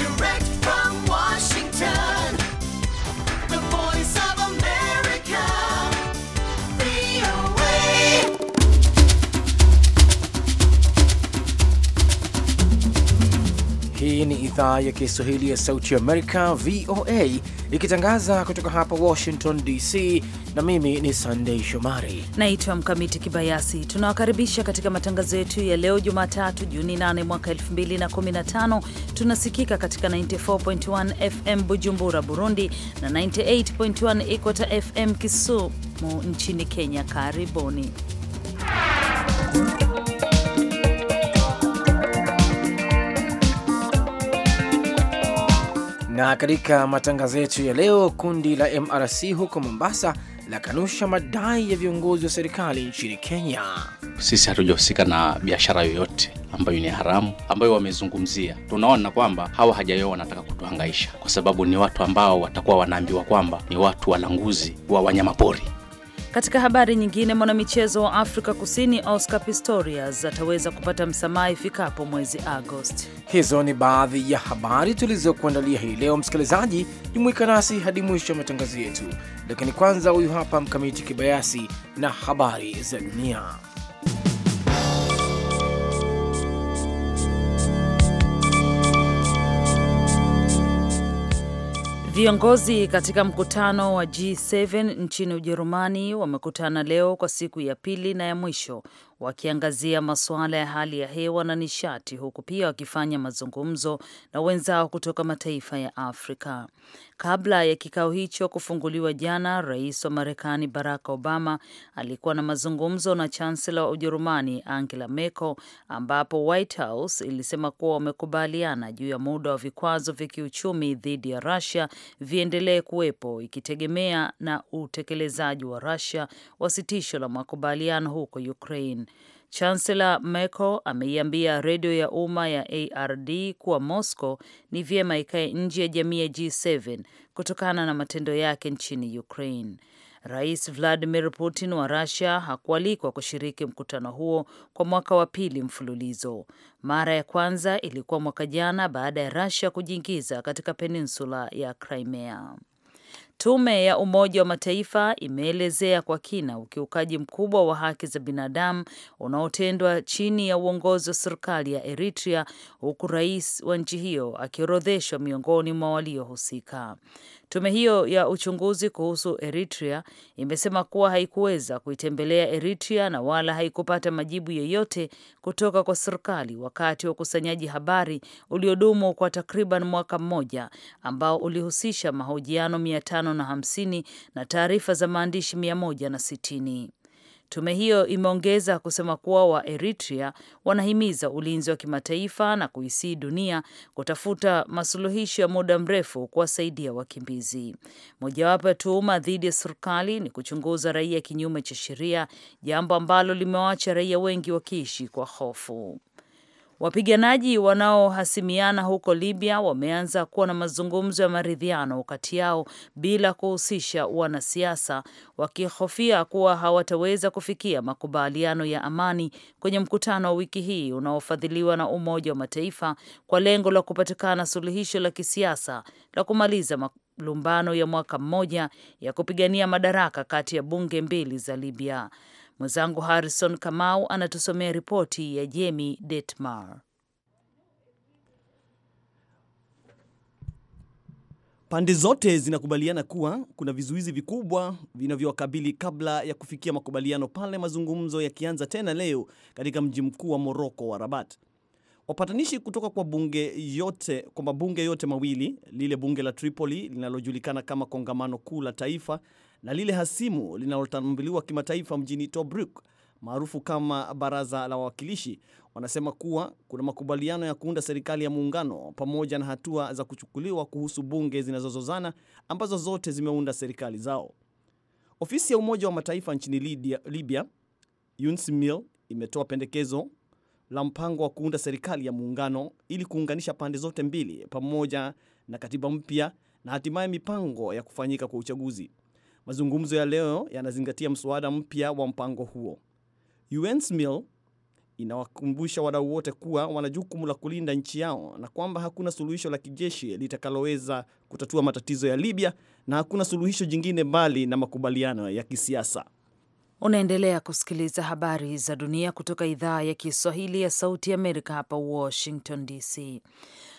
Direct from Washington Hii ni idhaa ya Kiswahili ya Sauti Amerika, VOA, ikitangaza kutoka hapa Washington DC, na mimi ni Sandei Shomari naitwa Mkamiti Kibayasi. Tunawakaribisha katika matangazo yetu ya leo Jumatatu, Juni 8 mwaka 2015. Tunasikika katika 94.1 FM Bujumbura, Burundi, na 98.1 ikota FM Kisumu nchini Kenya. Karibuni Na katika matangazo yetu ya leo, kundi la MRC huko Mombasa la kanusha madai ya viongozi wa serikali nchini Kenya. Sisi hatujahusika na biashara yoyote ambayo ni haramu ambayo wamezungumzia. Tunaona kwamba hawa yao wanataka kutuhangaisha, kwa sababu ni watu ambao watakuwa wanaambiwa kwamba ni watu walanguzi wa wanyamapori. Katika habari nyingine, mwanamichezo wa Afrika Kusini Oscar Pistorius ataweza kupata msamaha ifikapo mwezi Agosti. Hizo ni baadhi ya habari tulizokuandalia hii leo. Msikilizaji, jumuika nasi hadi mwisho ya matangazo yetu, lakini kwanza, huyu hapa Mkamiti Kibayasi na habari za dunia. Viongozi katika mkutano wa G7 nchini Ujerumani wamekutana leo kwa siku ya pili na ya mwisho wakiangazia masuala ya hali ya hewa na nishati, huku pia wakifanya mazungumzo na wenzao kutoka mataifa ya Afrika. Kabla ya kikao hicho kufunguliwa jana, rais wa Marekani Barack Obama alikuwa na mazungumzo na chansela wa Ujerumani Angela Merkel, ambapo White House ilisema kuwa wamekubaliana juu ya muda wa vikwazo vya kiuchumi dhidi ya rasia viendelee kuwepo ikitegemea na utekelezaji wa rasia wa sitisho la makubaliano huko Ukraine. Chancellor Merkel ameiambia redio ya umma ya ARD kuwa Moscow ni vyema ikae nje ya jamii ya G7 kutokana na matendo yake nchini Ukraine. Rais Vladimir Putin wa Russia hakualikwa kushiriki mkutano huo kwa mwaka wa pili mfululizo. Mara ya kwanza ilikuwa mwaka jana baada ya Russia kujiingiza katika peninsula ya Crimea. Tume ya Umoja wa Mataifa imeelezea kwa kina ukiukaji mkubwa wa haki za binadamu unaotendwa chini ya uongozi wa serikali ya Eritrea, huku rais wa nchi hiyo akiorodheshwa miongoni mwa waliohusika. Tume hiyo ya uchunguzi kuhusu Eritrea imesema kuwa haikuweza kuitembelea Eritrea na wala haikupata majibu yoyote kutoka kwa serikali wakati wa ukusanyaji habari uliodumu kwa takriban mwaka mmoja ambao ulihusisha mahojiano mia tano tano na taarifa za maandishi sitini. Tume hiyo imeongeza kusema kuwa wa Eritrea wanahimiza ulinzi wa kimataifa na kuisii dunia kutafuta masuluhisho ya muda mrefu kuwasaidia wakimbizi. Mojawapo ya tuhuma dhidi ya serikali ni kuchunguza raia kinyume cha sheria, jambo ambalo limewacha raia wengi wakiishi kwa hofu. Wapiganaji wanaohasimiana huko Libya wameanza kuwa na mazungumzo ya maridhiano kati yao bila kuhusisha wanasiasa, wakihofia kuwa hawataweza kufikia makubaliano ya amani kwenye mkutano wa wiki hii unaofadhiliwa na Umoja wa Mataifa kwa lengo la kupatikana suluhisho la kisiasa la kumaliza malumbano ya mwaka mmoja ya kupigania madaraka kati ya bunge mbili za Libya. Mwenzangu Harrison Kamau anatusomea ripoti ya Jemi Detmar. Pande zote zinakubaliana kuwa kuna vizuizi vikubwa vinavyowakabili kabla ya kufikia makubaliano pale mazungumzo yakianza tena leo katika mji mkuu wa Moroko wa Rabat. Wapatanishi kutoka kwa bunge yote kwa mabunge yote mawili, lile bunge la Tripoli linalojulikana kama kongamano kuu la taifa na lile hasimu linalotambuliwa kimataifa mjini Tobruk maarufu kama Baraza la Wawakilishi wanasema kuwa kuna makubaliano ya kuunda serikali ya muungano pamoja na hatua za kuchukuliwa kuhusu bunge zinazozozana ambazo zote zimeunda serikali zao. Ofisi ya Umoja wa Mataifa nchini Libya, UNSMIL, imetoa pendekezo la mpango wa kuunda serikali ya muungano ili kuunganisha pande zote mbili pamoja na katiba mpya na hatimaye mipango ya kufanyika kwa uchaguzi. Mazungumzo ya leo yanazingatia mswada mpya wa mpango huo. UNSMIL inawakumbusha wadau wote kuwa wana jukumu la kulinda nchi yao na kwamba hakuna suluhisho la kijeshi litakaloweza kutatua matatizo ya Libya na hakuna suluhisho jingine mbali na makubaliano ya kisiasa. Unaendelea kusikiliza habari za dunia kutoka idhaa ya Kiswahili ya Sauti ya Amerika hapa Washington DC.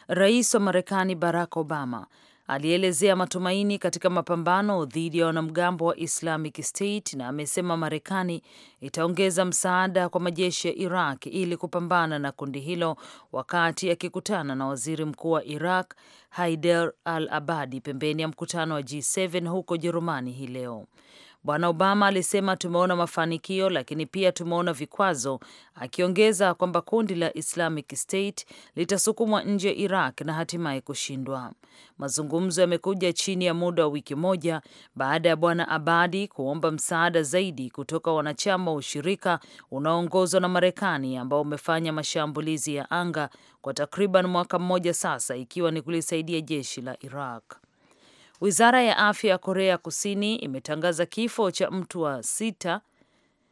Rais wa Marekani Barack Obama alielezea matumaini katika mapambano dhidi ya wanamgambo wa Islamic State na amesema Marekani itaongeza msaada kwa majeshi ya Iraq ili kupambana na kundi hilo, wakati akikutana na waziri mkuu wa Iraq Haider al Abadi pembeni ya mkutano wa G7 huko Jerumani hii leo. Bwana Obama alisema tumeona mafanikio, lakini pia tumeona vikwazo, akiongeza kwamba kundi la Islamic State litasukumwa nje ya Iraq na hatimaye kushindwa. Mazungumzo yamekuja chini ya muda wa wiki moja baada ya Bwana Abadi kuomba msaada zaidi kutoka wanachama wa ushirika unaoongozwa na Marekani ambao umefanya mashambulizi ya anga kwa takriban mwaka mmoja sasa, ikiwa ni kulisaidia jeshi la Iraq. Wizara ya afya ya Korea Kusini imetangaza kifo cha mtu wa sita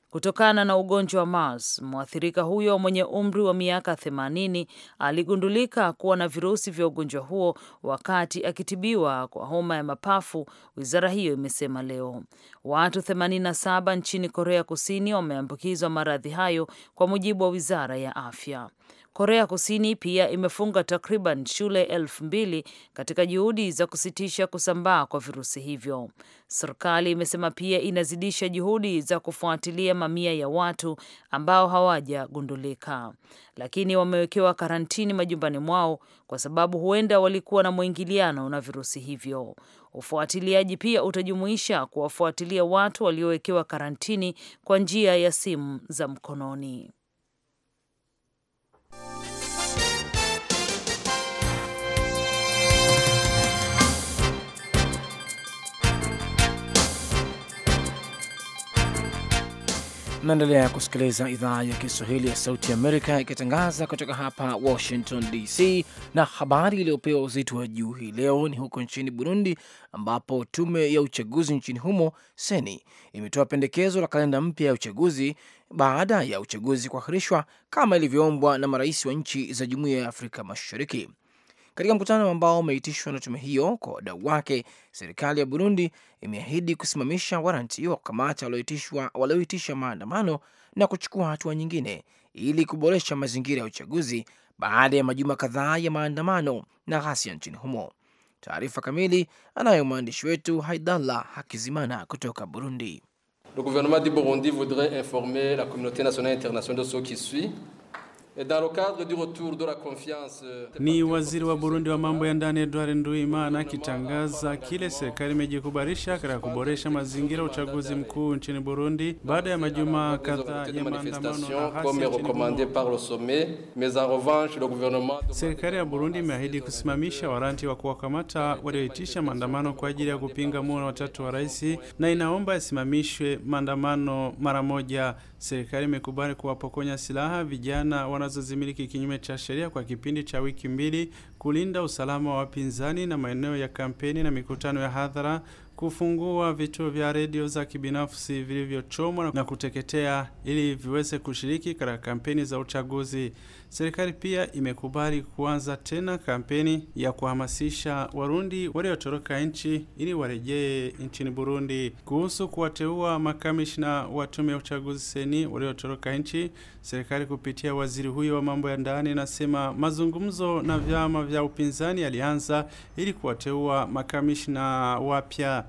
kutokana na ugonjwa wa mars. Mwathirika huyo mwenye umri wa miaka 80 aligundulika kuwa na virusi vya ugonjwa huo wakati akitibiwa kwa homa ya mapafu, wizara hiyo imesema leo. Watu 87 nchini Korea Kusini wameambukizwa maradhi hayo, kwa mujibu wa wizara ya afya. Korea Kusini pia imefunga takriban shule elfu mbili katika juhudi za kusitisha kusambaa kwa virusi hivyo. Serikali imesema pia inazidisha juhudi za kufuatilia mamia ya watu ambao hawajagundulika, lakini wamewekewa karantini majumbani mwao kwa sababu huenda walikuwa na mwingiliano na virusi hivyo. Ufuatiliaji pia utajumuisha kuwafuatilia watu waliowekewa karantini kwa njia ya simu za mkononi. Naendelea kusikiliza idhaa ya Kiswahili ya Sauti Amerika ikitangaza kutoka hapa Washington DC. Na habari iliyopewa uzito wa juu hii leo ni huko nchini Burundi, ambapo tume ya uchaguzi nchini humo, Seni, imetoa pendekezo la kalenda mpya ya uchaguzi baada ya uchaguzi kuahirishwa kama ilivyoombwa na marais wa nchi za Jumuiya ya Afrika Mashariki. Katika mkutano ambao umeitishwa na tume hiyo kwa wadau wake, serikali ya Burundi imeahidi kusimamisha waranti wa kukamata walioitisha maandamano na kuchukua hatua nyingine ili kuboresha mazingira ya uchaguzi baada ya majuma kadhaa ya maandamano na ghasia nchini humo. Taarifa kamili anayo mwandishi wetu Haidallah Hakizimana kutoka Burundi. Le gouvernement du Burundi voudrait informer la communauté nationale et internationale de ce qui suit. Euh, Ni waziri wa Burundi wa mambo ya ndani Edouard Nduimana akitangaza kile serikali imejikubarisha katika kuboresha mazingira ya uchaguzi mkuu nchini Burundi baada ya majuma kadhaa ya maandamano. Serikali ya Burundi imeahidi kusimamisha waranti wa kuwakamata walioitisha maandamano kwa ajili ya kupinga muhula watatu wa rais na inaomba yasimamishwe maandamano mara moja. Serikali imekubali kuwapokonya silaha vijana wana zinazozimiliki kinyume cha sheria kwa kipindi cha wiki mbili, kulinda usalama wa wapinzani na maeneo ya kampeni na mikutano ya hadhara kufungua vituo vya redio za kibinafsi vilivyochomwa na kuteketea ili viweze kushiriki katika kampeni za uchaguzi. Serikali pia imekubali kuanza tena kampeni ya kuhamasisha Warundi waliotoroka nchi ili warejee nchini Burundi. Kuhusu kuwateua makamishna wa tume ya uchaguzi seni waliotoroka nchi, serikali kupitia waziri huyo wa mambo ya ndani inasema mazungumzo na vyama vya upinzani yalianza ili kuwateua makamishna wapya.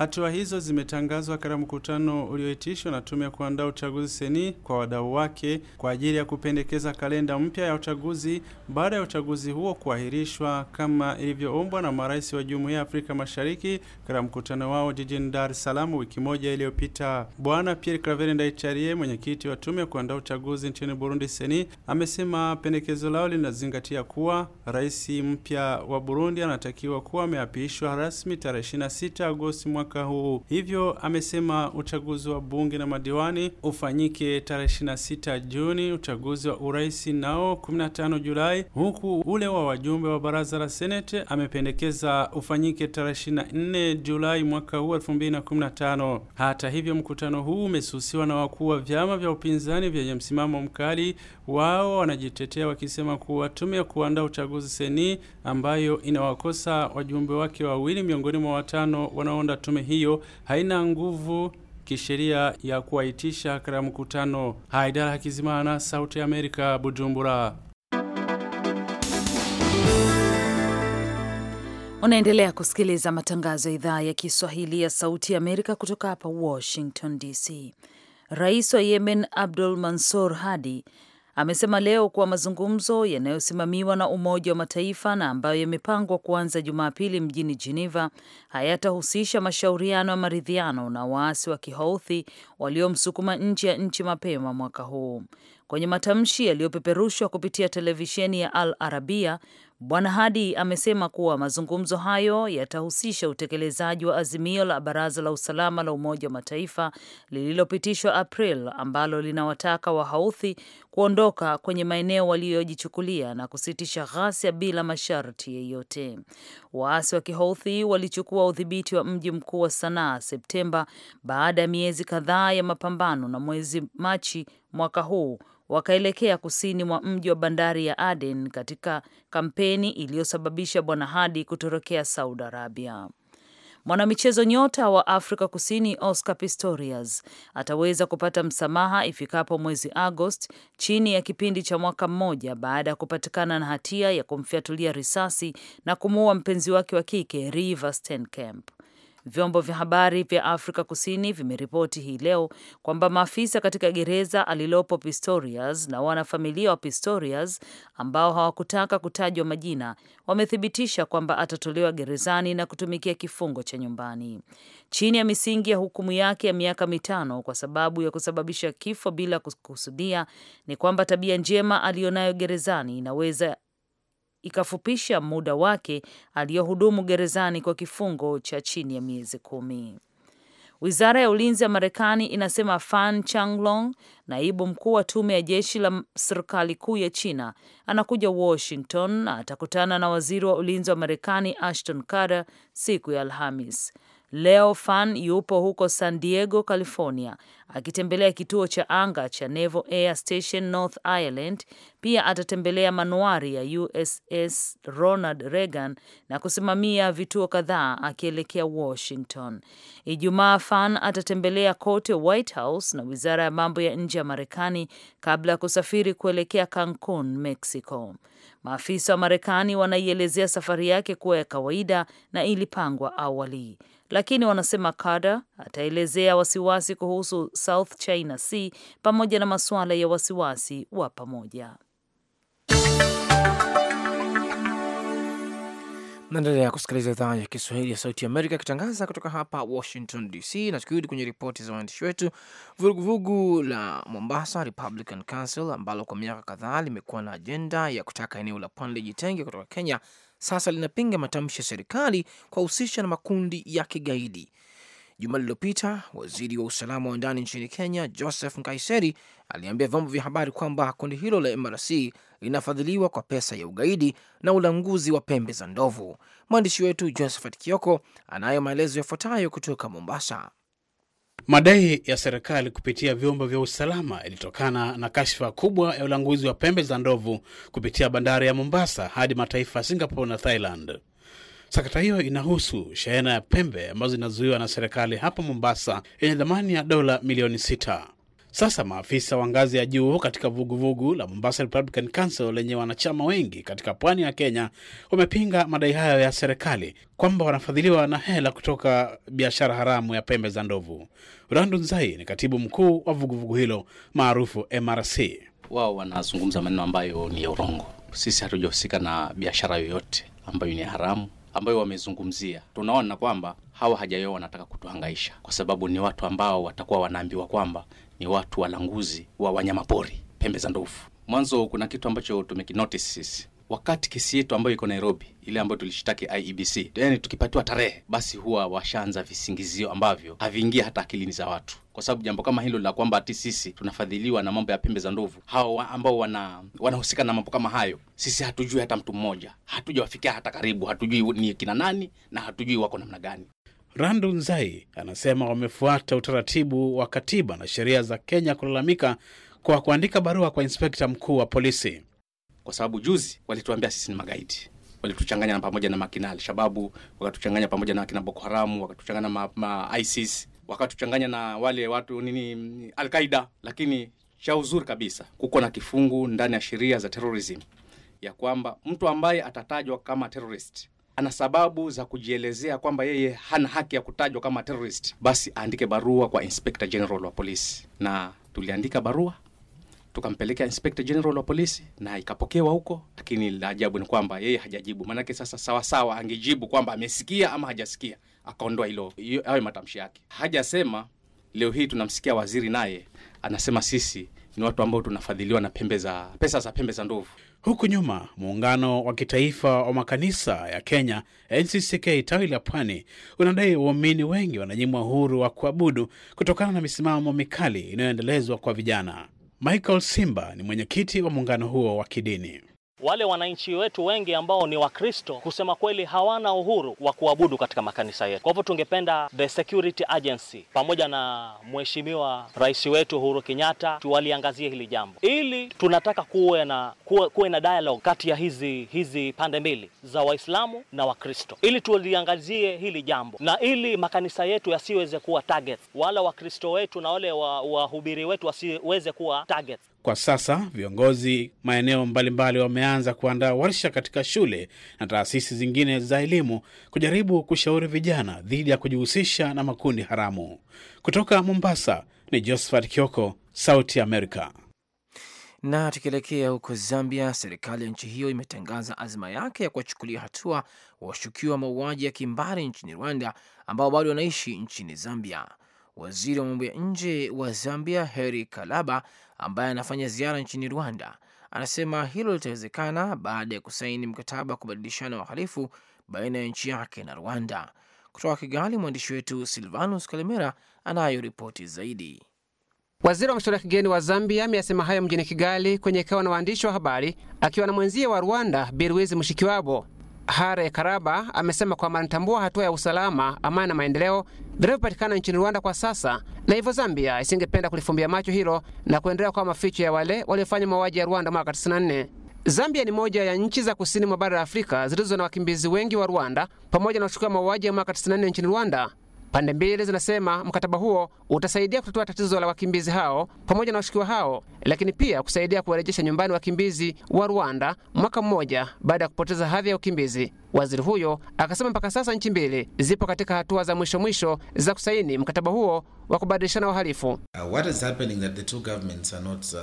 Hatua hizo zimetangazwa katika mkutano ulioitishwa na tume ya kuandaa uchaguzi seni kwa wadau wake kwa ajili ya kupendekeza kalenda mpya ya uchaguzi baada ya uchaguzi huo kuahirishwa kama ilivyoombwa na marais wa Jumuiya ya Afrika Mashariki katika mkutano wao jijini Dar es Salaam wiki moja iliyopita. Bwana Pierre Claver ndaicharie mwenyekiti wa tume ya kuandaa uchaguzi nchini Burundi seni, amesema pendekezo lao linazingatia kuwa rais mpya wa Burundi anatakiwa kuwa ameapishwa rasmi tarehe 26 Agosti mwaka mwaka huu. Hivyo amesema uchaguzi wa bunge na madiwani ufanyike tarehe 26 Juni, uchaguzi wa urais nao 15 Julai, huku ule wa wajumbe wa baraza la seneti amependekeza ufanyike tarehe 24 Julai mwaka huu 2015. Hata hivyo, mkutano huu umesusiwa na wakuu wa vyama vya upinzani vyenye msimamo mkali. Wao wanajitetea wakisema kuwa tume ya kuandaa uchaguzi seni ambayo inawakosa wajumbe wake wawili miongoni mwa watano wanaounda tume tume hiyo haina nguvu kisheria ya kuwaitisha katika mkutano. Haidara Hakizimana, Sauti ya Amerika, Bujumbura. Unaendelea kusikiliza matangazo ya idhaa ya Kiswahili ya Sauti ya Amerika kutoka hapa Washington DC. Rais wa Yemen Abdul Mansur Hadi amesema leo kuwa mazungumzo yanayosimamiwa na Umoja wa Mataifa na ambayo yamepangwa kuanza Jumapili mjini Geneva hayatahusisha mashauriano ya maridhiano na waasi wa Kihouthi waliomsukuma nje ya nchi mapema mwaka huu. Kwenye matamshi yaliyopeperushwa kupitia televisheni ya Al Arabia, Bwana Hadi amesema kuwa mazungumzo hayo yatahusisha utekelezaji wa azimio la Baraza la Usalama la Umoja wa Mataifa lililopitishwa April ambalo linawataka wahauthi kuondoka kwenye maeneo waliyojichukulia na kusitisha ghasia bila masharti yeyote. Waasi wa Kihouthi walichukua udhibiti wa mji mkuu wa Sanaa Septemba baada ya miezi kadhaa ya mapambano, na mwezi Machi mwaka huu wakaelekea kusini mwa mji wa bandari ya Aden katika kampeni iliyosababisha Bwana Hadi kutorokea Saudi Arabia. Mwanamichezo nyota wa Afrika Kusini Oscar Pistorius ataweza kupata msamaha ifikapo mwezi Agosti, chini ya kipindi cha mwaka mmoja baada ya kupatikana na hatia ya kumfyatulia risasi na kumuua mpenzi wake wa kike Reeva Steenkamp. Vyombo vya habari vya Afrika Kusini vimeripoti hii leo kwamba maafisa katika gereza alilopo Pistorius na wanafamilia wa Pistorius ambao hawakutaka kutajwa majina wamethibitisha kwamba atatolewa gerezani na kutumikia kifungo cha nyumbani chini ya misingi ya hukumu yake ya miaka mitano kwa sababu ya kusababisha kifo bila kukusudia. Ni kwamba tabia njema aliyonayo gerezani inaweza ikafupisha muda wake aliyohudumu gerezani kwa kifungo cha chini ya miezi kumi. Wizara ya ulinzi ya Marekani inasema Fan Changlong, naibu mkuu wa tume ya jeshi la serikali kuu ya China, anakuja Washington na atakutana na waziri wa ulinzi wa Marekani Ashton Carter siku ya Alhamis. Leo Fan yupo huko San Diego, California, akitembelea kituo cha anga cha Naval Air Station North Ireland. Pia atatembelea manuari ya USS Ronald Reagan na kusimamia vituo kadhaa akielekea Washington. Ijumaa, Fan atatembelea kote White House na wizara ya mambo ya nje ya Marekani kabla ya kusafiri kuelekea Cancun, Mexico. Maafisa wa Marekani wanaielezea safari yake kuwa ya kawaida na ilipangwa awali lakini wanasema Carter ataelezea wasiwasi kuhusu South China Sea pamoja na masuala ya wasiwasi wa pamoja. Naendelea kusikiliza idhaa ya Kiswahili ya Sauti Amerika ikitangaza kutoka hapa Washington DC. Na tukirudi kwenye ripoti za waandishi wetu, vuguvugu la Mombasa Republican Council ambalo kwa miaka kadhaa limekuwa na ajenda ya kutaka eneo la pwani lijitenge kutoka Kenya sasa linapinga matamshi ya serikali husisha na makundi ya kigaidi. Juma lililopita waziri wa usalama wa ndani nchini Kenya, Joseph Nkaiseri, aliambia vyombo vya habari kwamba kundi hilo la MRC linafadhiliwa kwa pesa ya ugaidi na ulanguzi wa pembe za ndovu. Mwandishi wetu Josephat Kioko anayo maelezo yafuatayo kutoka Mombasa. Madai ya serikali kupitia vyombo vya usalama ilitokana na kashfa kubwa ya ulanguzi wa pembe za ndovu kupitia bandari ya Mombasa hadi mataifa ya Singapore na Thailand. Sakata hiyo inahusu shehena ya pembe ambazo zinazuiwa na serikali hapa Mombasa yenye thamani ya dola milioni sita. Sasa maafisa wa ngazi ya juu katika vuguvugu vugu la Mombasa Republican Council lenye wanachama wengi katika pwani ya Kenya wamepinga madai hayo ya serikali kwamba wanafadhiliwa na hela kutoka biashara haramu ya pembe za ndovu. Randu Nzai ni katibu mkuu wa vuguvugu vugu hilo maarufu MRC. Wao wanazungumza maneno ambayo ni ya urongo. Sisi hatujahusika na biashara yoyote ambayo ni haramu ambayo wamezungumzia. Tunaona kwamba hawa hajayo wanataka kutuhangaisha, kwa sababu ni watu ambao watakuwa wanaambiwa kwamba ni watu walanguzi wa wanyamapori pembe za ndovu. Mwanzo kuna kitu ambacho tumekinotice sisi wakati kesi yetu ambayo iko Nairobi, ile ambayo tulishitaki IEBC, yani tukipatiwa tarehe, basi huwa washaanza visingizio ambavyo haviingia hata akilini za watu, kwa sababu jambo kama hilo la kwamba hati sisi tunafadhiliwa na mambo ya pembe za ndovu, hawa ambao wana wanahusika na mambo kama hayo, sisi hatujui hata mtu mmoja, hatujawafikia hata karibu, hatujui ni kina nani na hatujui wako namna gani. Randu Nzai anasema wamefuata utaratibu wa katiba na sheria za Kenya kulalamika kwa kuandika barua kwa inspekta mkuu wa polisi, kwa sababu juzi walituambia sisi ni magaidi walituchanganya na pamoja na makina Alshababu, wakatuchanganya pamoja na akina Boko Haramu, wakatuchanganya ma, ma ISIS, wakatuchanganya na wale watu nini Alqaida. Lakini cha uzuri kabisa, kuko na kifungu ndani ya sheria za terrorism ya kwamba mtu ambaye atatajwa kama terrorist ana sababu za kujielezea kwamba yeye hana haki ya kutajwa kama terrorist, basi aandike barua kwa Inspector General wa polisi. Na tuliandika barua tukampelekea Inspector General wa polisi na ikapokewa huko, lakini la ajabu ni kwamba yeye hajajibu. Maanake sasa sawasawa, angejibu kwamba amesikia ama hajasikia, akaondoa hilo hayo matamshi yake, hajasema. Leo hii tunamsikia waziri naye anasema sisi ni watu ambao tunafadhiliwa na pembe za pesa za pembe za ndovu. Huku nyuma muungano wa kitaifa wa makanisa ya Kenya NCCK tawi la Pwani unadai waumini wengi wananyimwa uhuru wa kuabudu kutokana na misimamo mikali inayoendelezwa kwa vijana. Michael Simba ni mwenyekiti wa muungano huo wa kidini wale wananchi wetu wengi ambao ni Wakristo kusema kweli hawana uhuru wa kuabudu katika makanisa yetu. Kwa hivyo tungependa the security agency pamoja na mheshimiwa rais wetu Uhuru Kenyatta tuwaliangazie hili jambo, ili tunataka kuwe na, kuwe, kuwe na dialogue kati ya hizi, hizi pande mbili za Waislamu na Wakristo ili tuliangazie hili jambo na ili makanisa yetu yasiweze kuwa target, wala Wakristo wetu na wale wahubiri wa wetu wasiweze kuwa target. Kwa sasa viongozi maeneo mbalimbali wameanza kuandaa warsha katika shule na taasisi zingine za elimu kujaribu kushauri vijana dhidi ya kujihusisha na makundi haramu. Kutoka Mombasa ni Josephat Kioko, Sauti america Na tukielekea huko Zambia, serikali ya nchi hiyo imetangaza azma yake ya kuwachukulia hatua washukiwa mauaji ya kimbari nchini Rwanda ambao bado wanaishi nchini Zambia. Waziri wa mambo ya nje wa Zambia Heri Kalaba, ambaye anafanya ziara nchini Rwanda, anasema hilo litawezekana baada ya kusaini mkataba wa kubadilishana wahalifu baina ya nchi yake na Rwanda. Kutoka Kigali, mwandishi wetu Silvanus Kalemera anayo ripoti zaidi. Waziri wa mashauri ya kigeni wa Zambia ameyasema hayo mjini Kigali kwenye kikao na waandishi wa habari akiwa na mwenzie wa Rwanda Birwizi Mushikiwabo. Hare Karaba amesema kwamba anatambua hatua ya usalama, amani na maendeleo vinavyopatikana nchini Rwanda kwa sasa, na hivyo Zambia isingependa kulifumbia macho hilo na kuendelea kwa maficho ya wale waliofanya mauaji ya Rwanda mwaka 94. Zambia ni moja ya nchi za kusini mwa bara la Afrika zilizo na wakimbizi wengi wa Rwanda pamoja na washukiwa mauaji ya mwaka 94 nchini Rwanda. Pande mbili zinasema mkataba huo utasaidia kutatua tatizo la wakimbizi hao pamoja na washukiwa hao, lakini pia kusaidia kuwarejesha nyumbani wakimbizi wa Rwanda mwaka mmoja baada ya kupoteza hadhi ya ukimbizi. Waziri huyo akasema mpaka sasa nchi mbili zipo katika hatua za mwisho mwisho za kusaini mkataba huo wa kubadilishana wahalifu. Uh, uh,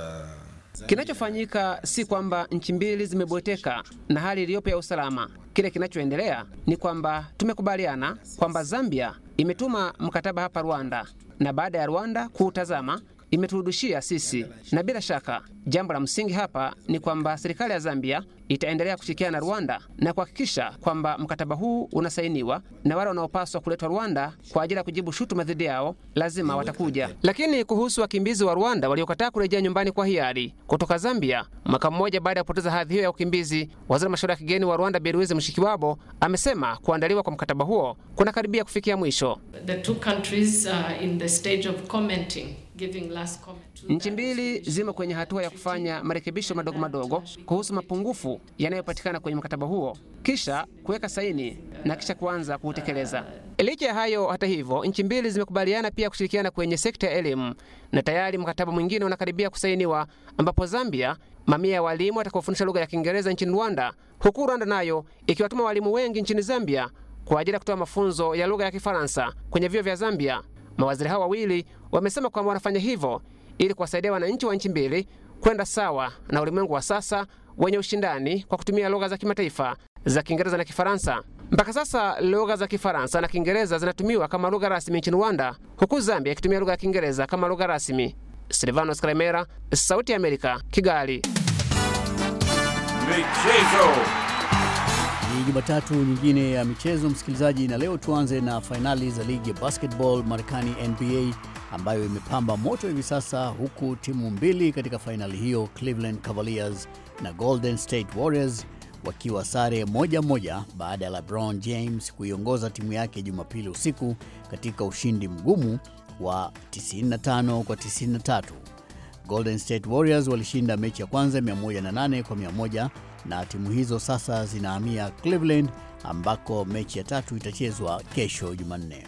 Kinachofanyika si kwamba nchi mbili zimebweteka na hali iliyopo ya usalama. Kile kinachoendelea ni kwamba tumekubaliana kwamba Zambia imetuma mkataba hapa Rwanda na baada ya Rwanda kuutazama imeturudishia sisi, na bila shaka jambo la msingi hapa ni kwamba serikali ya Zambia itaendelea kushirikiana na Rwanda na kuhakikisha kwamba mkataba huu unasainiwa, na wale wanaopaswa kuletwa Rwanda kwa ajili ya kujibu shutuma dhidi yao lazima watakuja. Lakini kuhusu wakimbizi wa Rwanda waliokataa kurejea nyumbani kwa hiari kutoka Zambia mwaka mmoja baada ya kupoteza hadhi hiyo ya ukimbizi, waziri wa mashauri ya kigeni wa Rwanda Beriweze Mushikiwabo amesema kuandaliwa kwa mkataba huo kunakaribia kufikia mwisho. The two countries are uh, in the stage of commenting. Nchi mbili zimo kwenye hatua ya kufanya marekebisho madogo madogo kuhusu mapungufu yanayopatikana kwenye mkataba huo kisha kuweka saini na kisha kuanza kuutekeleza. Uh, Licha ya hayo, hata hivyo, nchi mbili zimekubaliana pia kushirikiana kwenye sekta ya elimu na tayari mkataba mwingine unakaribia kusainiwa, ambapo Zambia mamia ya walimu watakaofundisha lugha ya Kiingereza nchini Rwanda, huku Rwanda nayo ikiwatuma walimu wengi nchini Zambia kwa ajili ya kutoa mafunzo ya lugha ya Kifaransa kwenye vyuo vya Zambia. Mawaziri hao wawili wamesema kwamba wanafanya hivyo ili kuwasaidia wananchi wa nchi mbili kwenda sawa na ulimwengu wa sasa wenye ushindani kwa kutumia lugha za kimataifa za Kiingereza na Kifaransa. Mpaka sasa lugha za Kifaransa na Kiingereza zinatumiwa kama lugha rasmi nchini Rwanda, huku Zambia ikitumia lugha ya Kiingereza kama lugha rasmi. Silvanos kremera Sauti ya Amerika, Kigali. Michezo. Ni Jumatatu nyingine ya michezo msikilizaji, na leo tuanze na fainali za ligi ya basketball Marekani, NBA, ambayo imepamba moto hivi sasa, huku timu mbili katika fainali hiyo, Cleveland Cavaliers na Golden State Warriors, wakiwa sare moja moja baada ya LeBron James kuiongoza timu yake Jumapili usiku katika ushindi mgumu wa 95 kwa 93. Golden State Warriors walishinda mechi ya kwanza 108 kwa na timu hizo sasa zinahamia Cleveland ambako mechi ya tatu itachezwa kesho Jumanne.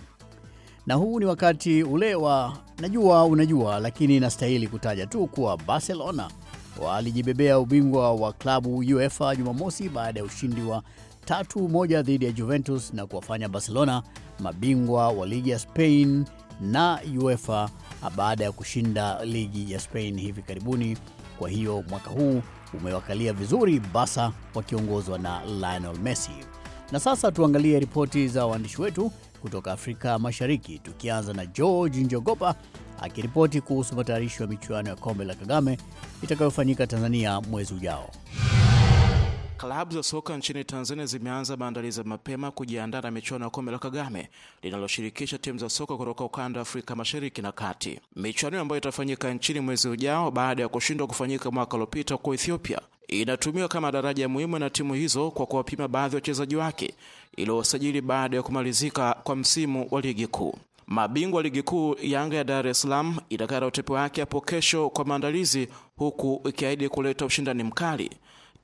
Na huu ni wakati ule wa najua unajua, lakini nastahili kutaja tu kuwa Barcelona walijibebea ubingwa wa klabu UEFA Jumamosi baada ya ushindi wa tatu moja dhidi ya Juventus na kuwafanya Barcelona mabingwa wa ligi ya Spain na UEFA baada ya kushinda ligi ya Spain hivi karibuni. Kwa hiyo mwaka huu umewakalia vizuri basa wakiongozwa na Lionel Messi. Na sasa tuangalie ripoti za waandishi wetu kutoka Afrika Mashariki, tukianza na George Njogopa akiripoti kuhusu matayarisho ya michuano ya kombe la Kagame itakayofanyika Tanzania mwezi ujao. Klabu za soka nchini Tanzania zimeanza maandalizi mapema kujiandaa na michuano ya kombe la Kagame linaloshirikisha timu za soka kutoka ukanda wa Afrika Mashariki na Kati, michuano ambayo itafanyika nchini mwezi ujao baada ya kushindwa kufanyika mwaka uliopita kwa Ethiopia. Inatumiwa kama daraja muhimu na timu hizo kwa kuwapima baadhi ya wachezaji wake ili wasajili baada ya kumalizika kwa msimu wa ligi kuu. Mabingwa wa ligi kuu Yanga ya Dar es Salaam itakara utepe wake hapo kesho kwa maandalizi, huku ikiahidi kuleta ushindani mkali.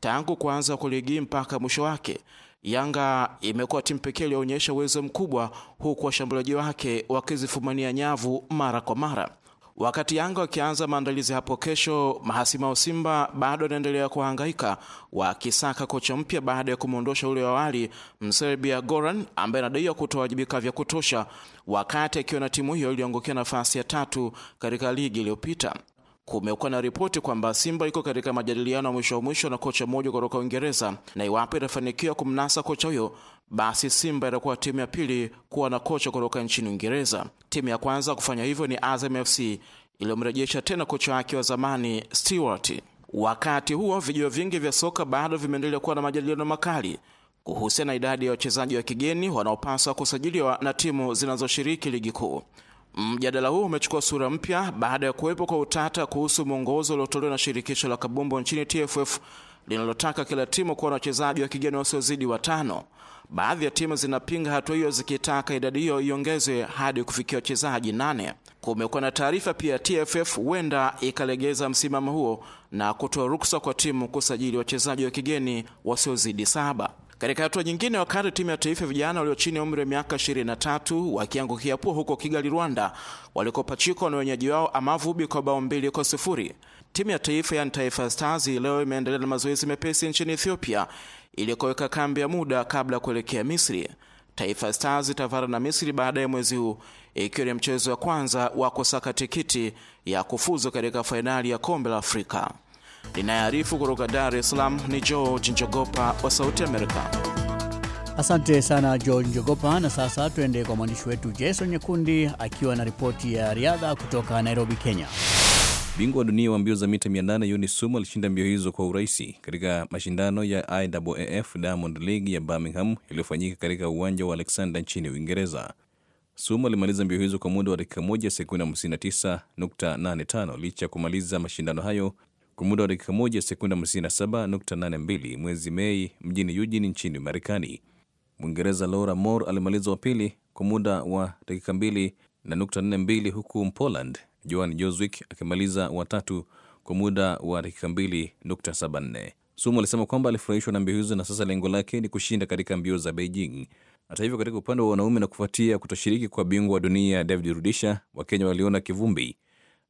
Tangu kuanza kwa ligi mpaka mwisho wake, Yanga imekuwa timu pekee iliyoonyesha uwezo mkubwa, huku washambuliaji wake wakizifumania nyavu mara kwa mara. Wakati Yanga wakianza maandalizi hapo kesho, mahasimu wa Simba bado wanaendelea kuhangaika wakisaka kocha mpya baada ya kumwondosha ule awali Mserbia Goran ambaye anadaiwa kutowajibika vya kutosha, wakati akiwa na timu hiyo iliyoangukia nafasi ya tatu katika ligi iliyopita. Kumekuwa na ripoti kwamba Simba iko katika majadiliano ya mwisho wa mwisho na kocha mmoja kutoka Uingereza, na iwapo itafanikiwa kumnasa kocha huyo, basi Simba itakuwa timu ya pili kuwa na kocha kutoka nchini Uingereza. Timu ya kwanza kufanya hivyo ni Azam FC iliyomrejesha tena kocha wake wa zamani Stewart. Wakati huo vijio vingi vya soka bado vimeendelea kuwa na majadiliano makali kuhusiana na idadi ya wachezaji wa kigeni wanaopaswa kusajiliwa na timu zinazoshiriki ligi kuu. Mjadala huu umechukua sura mpya baada ya kuwepo kwa utata kuhusu mwongozo uliotolewa na shirikisho la kabumbo nchini TFF linalotaka kila timu kuwa na wachezaji wa kigeni wasiozidi watano. Baadhi ya timu zinapinga hatua hiyo zikitaka idadi hiyo iongezwe hadi kufikia wachezaji nane. Kumekuwa na taarifa pia TFF huenda ikalegeza msimamo huo na kutoa ruksa kwa timu kusajili wachezaji wa kigeni wasiozidi saba. Katika hatua nyingine, wakati timu ya taifa vijana walio chini ya umri wa miaka 23 wakiangukia pua huko Kigali, Rwanda, walikopachikwa na wenyeji wao Amavubi kwa bao mbili kwa sifuri, timu ya taifa yani Taifa Stars leo imeendelea na mazoezi mepesi nchini Ethiopia ili kuweka kambi ya muda kabla ya kuelekea Misri. Taifa Stars itavara na Misri ya mwezi huu, ikiwa ni mchezo wa kwanza wa kusaka tikiti ya kufuzu katika fainali ya kombe la Afrika. Inayoarifu kutoka Dar es Salaam ni George Njogopa wa Sauti Amerika. Asante sana George Njogopa. Na sasa tuende kwa mwandishi wetu Jason Nyekundi akiwa na ripoti ya riadha kutoka Nairobi, Kenya. Bingwa wa dunia wa mbio za mita 800 Yuni sum alishinda mbio hizo kwa urahisi katika mashindano ya IAAF Diamond League ya Birmingham iliyofanyika katika uwanja wa Alexander nchini Uingereza. sum alimaliza mbio hizo kwa muda wa dakika 1 sekunde 59.85 licha ya kumaliza mashindano hayo kwa muda wa dakika 1 sekunda 57.82 mwezi Mei mjini Eugene nchini Marekani. Mwingereza Laura Moore alimaliza wa pili kwa muda wa dakika 2 na nukta 42 huku Mpoland Joan Joswick akimaliza watatu kwa muda wa dakika 2.74. Sumu alisema kwamba alifurahishwa na mbio hizo na sasa lengo lake ni kushinda katika mbio za Beijing. Hata hivyo, katika upande wa wanaume na kufuatia kutoshiriki kwa bingwa wa dunia David Rudisha, Wakenya waliona kivumbi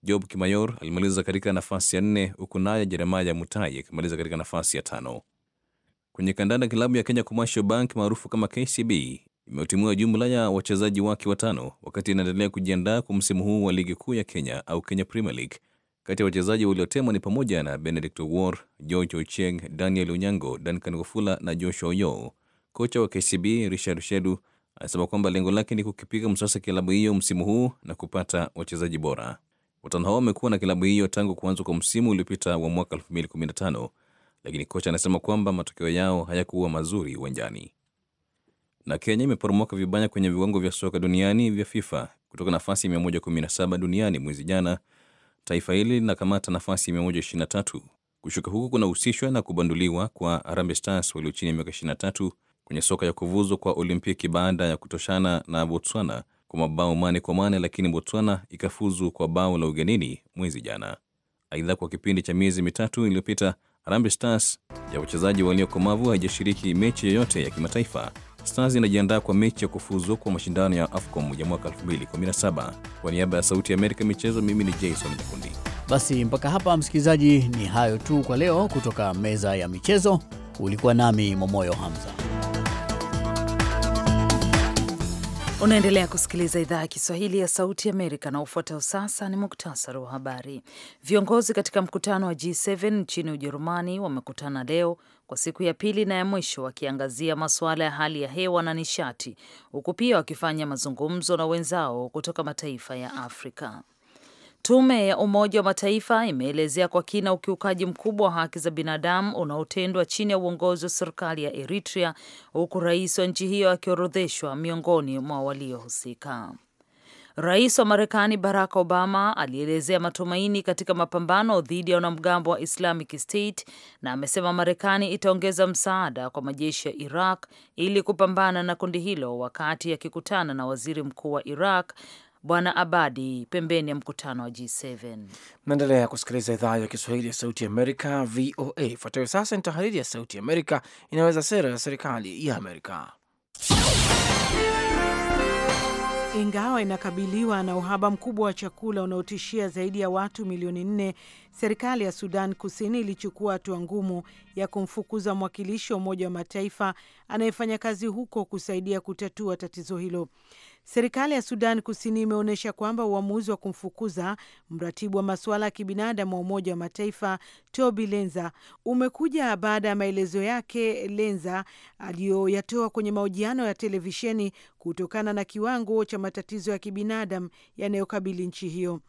Job Kimayor alimaliza katika nafasi ya nne huku naye Jeremaya Mutai akimaliza katika nafasi ya tano. Kwenye kandanda, klabu ya Kenya Commercial Bank maarufu kama KCB imeotimua jumla ya wachezaji wake watano wakati inaendelea kujiandaa kwa msimu huu wa ligi kuu ya Kenya au Kenya Premier League. Kati ya wachezaji waliotemwa ni pamoja na Benedict War, George Ocheng, Daniel Onyango, Duncan Wafula na Joshua Oyo. Kocha wa KCB Richard Shedu anasema kwamba lengo lake ni kukipiga msasa kilabu hiyo msimu huu na kupata wachezaji bora. Watano hao wamekuwa na klabu hiyo tangu kuanza kwa msimu uliopita wa mwaka 2015 lakini kocha anasema kwamba matokeo yao hayakuwa mazuri uwanjani. Na Kenya imeporomoka vibaya kwenye viwango vya soka duniani vya FIFA kutoka nafasi ya 117 duniani mwezi jana. Taifa hili linakamata nafasi ya 123. Kushuka huku kunahusishwa na kubanduliwa kwa Harambee Stars walio chini ya miaka 23 kwenye soka ya kuvuzwa kwa Olimpiki baada ya kutoshana na Botswana kwa mabao mane kwa mane, lakini Botswana ikafuzu kwa bao la ugenini mwezi jana. Aidha, kwa kipindi cha miezi mitatu iliyopita, Harambee Stars ya wachezaji waliokomavu haijashiriki mechi yoyote ya kimataifa. Stars inajiandaa kwa mechi ya kufuzu kwa mashindano ya AFCON ya mwaka 2017. Kwa niaba ya Sauti ya Amerika michezo, mimi ni Jason Mkundi. Basi mpaka hapa msikilizaji, ni hayo tu kwa leo kutoka meza ya michezo. Ulikuwa nami Momoyo Hamza. Unaendelea kusikiliza idhaa ya Kiswahili ya Sauti Amerika na ufuatao sasa ni muktasari wa habari. Viongozi katika mkutano wa G7 nchini Ujerumani wamekutana leo kwa siku ya pili na ya mwisho wakiangazia masuala ya hali ya hewa na nishati, huku pia wakifanya mazungumzo na wenzao kutoka mataifa ya Afrika. Tume ya Umoja wa Mataifa imeelezea kwa kina ukiukaji mkubwa wa haki za binadamu unaotendwa chini ya uongozi wa serikali ya Eritrea, huku rais wa nchi hiyo akiorodheshwa miongoni mwa waliohusika. Rais wa Marekani Barack Obama alielezea matumaini katika mapambano dhidi ya wanamgambo wa Islamic State na amesema Marekani itaongeza msaada kwa majeshi ya Iraq ili kupambana na kundi hilo, wakati akikutana na waziri mkuu wa Iraq Bwana Abadi pembeni ya mkutano wa G7. Naendelea kusikiliza idhaa ya Kiswahili ya Sauti ya Amerika, VOA. Ifuatayo sasa ni tahariri ya Sauti ya Amerika inaweza sera ya serikali ya Amerika. Ingawa inakabiliwa na uhaba mkubwa wa chakula unaotishia zaidi ya watu milioni nne, serikali ya Sudan Kusini ilichukua hatua ngumu ya kumfukuza mwakilishi wa Umoja wa Mataifa anayefanya kazi huko kusaidia kutatua tatizo hilo. Serikali ya Sudan Kusini imeonyesha kwamba uamuzi wa kumfukuza mratibu wa masuala ya kibinadamu wa Umoja wa Mataifa Toby Lenza umekuja baada ya maelezo yake Lenza aliyoyatoa kwenye mahojiano ya televisheni kutokana na kiwango cha matatizo ya kibinadamu yanayokabili nchi hiyo.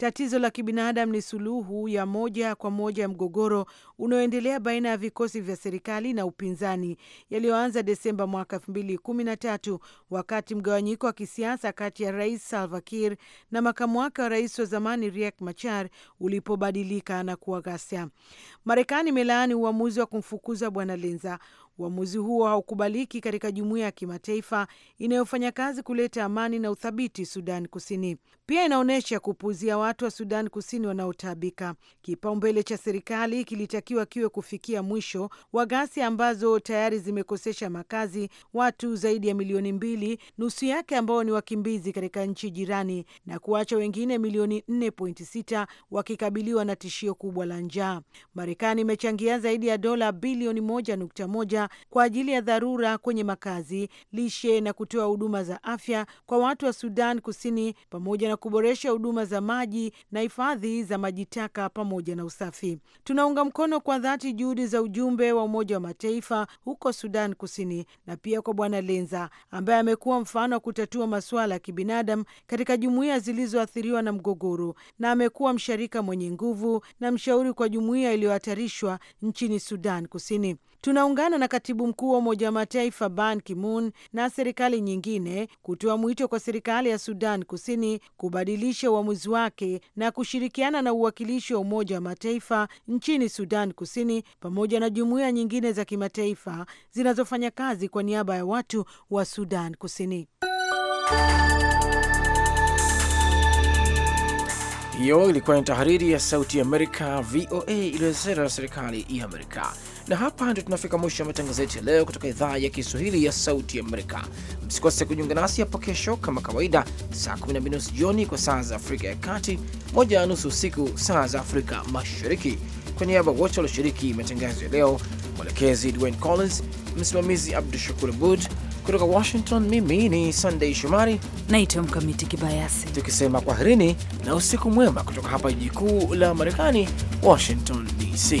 Tatizo la kibinadamu ni suluhu ya moja kwa moja ya mgogoro unaoendelea baina ya vikosi vya serikali na upinzani yaliyoanza Desemba mwaka 2013 wakati mgawanyiko wa kisiasa kati ya Rais Salva Kiir na makamu wake wa rais wa zamani Riek Machar ulipobadilika na kuwa ghasia. Marekani imelaani uamuzi wa kumfukuza Bwana Lenza Uamuzi huo haukubaliki katika jumuiya ya kimataifa inayofanya kazi kuleta amani na uthabiti Sudan Kusini. Pia inaonyesha kupuuzia watu wa Sudan Kusini wanaotaabika. Kipaumbele cha serikali kilitakiwa kiwe kufikia mwisho wa ghasia ambazo tayari zimekosesha makazi watu zaidi ya milioni mbili, nusu yake ambao ni wakimbizi katika nchi jirani, na kuacha wengine milioni 4.6 wakikabiliwa na tishio kubwa la njaa. Marekani imechangia zaidi ya dola bilioni 1.1 kwa ajili ya dharura kwenye makazi, lishe na kutoa huduma za afya kwa watu wa Sudan Kusini, pamoja na kuboresha huduma za maji na hifadhi za maji taka pamoja na usafi. Tunaunga mkono kwa dhati juhudi za ujumbe wa Umoja wa Mataifa huko Sudan Kusini na pia kwa Bwana Lenza ambaye amekuwa mfano wa kutatua masuala ya kibinadamu katika jumuiya zilizoathiriwa na mgogoro na amekuwa msharika mwenye nguvu na mshauri kwa jumuiya iliyohatarishwa nchini Sudan Kusini. Tunaungana na katibu mkuu wa Umoja wa Mataifa Ban Ki-moon na serikali nyingine kutoa mwito kwa serikali ya Sudan Kusini kubadilisha uamuzi wake na kushirikiana na uwakilishi wa Umoja wa Mataifa nchini Sudan Kusini pamoja na jumuiya nyingine za kimataifa zinazofanya kazi kwa niaba ya watu wa Sudan Kusini. Hiyo ilikuwa ni tahariri ya Sauti ya Amerika, VOA, na serikali ya Amerika. Na hapa ndio tunafika mwisho wa matangazo yetu ya leo kutoka idhaa ya Kiswahili ya Sauti ya Amerika. Msikose kujiunga nasi hapo kesho kama kawaida, saa 12 jioni kwa saa za Afrika ya Kati, moja na nusu usiku saa za Afrika Mashariki. Kwa niaba wote walioshiriki matangazo ya leo, mwelekezi Dwayne Collins, msimamizi Abdu Shakur Abud kutoka Washington, mimi ni Sunday Shomari naitwa Mkamiti Kibayasi, tukisema kwaherini na usiku mwema kutoka hapa jiji kuu la Marekani, Washington DC.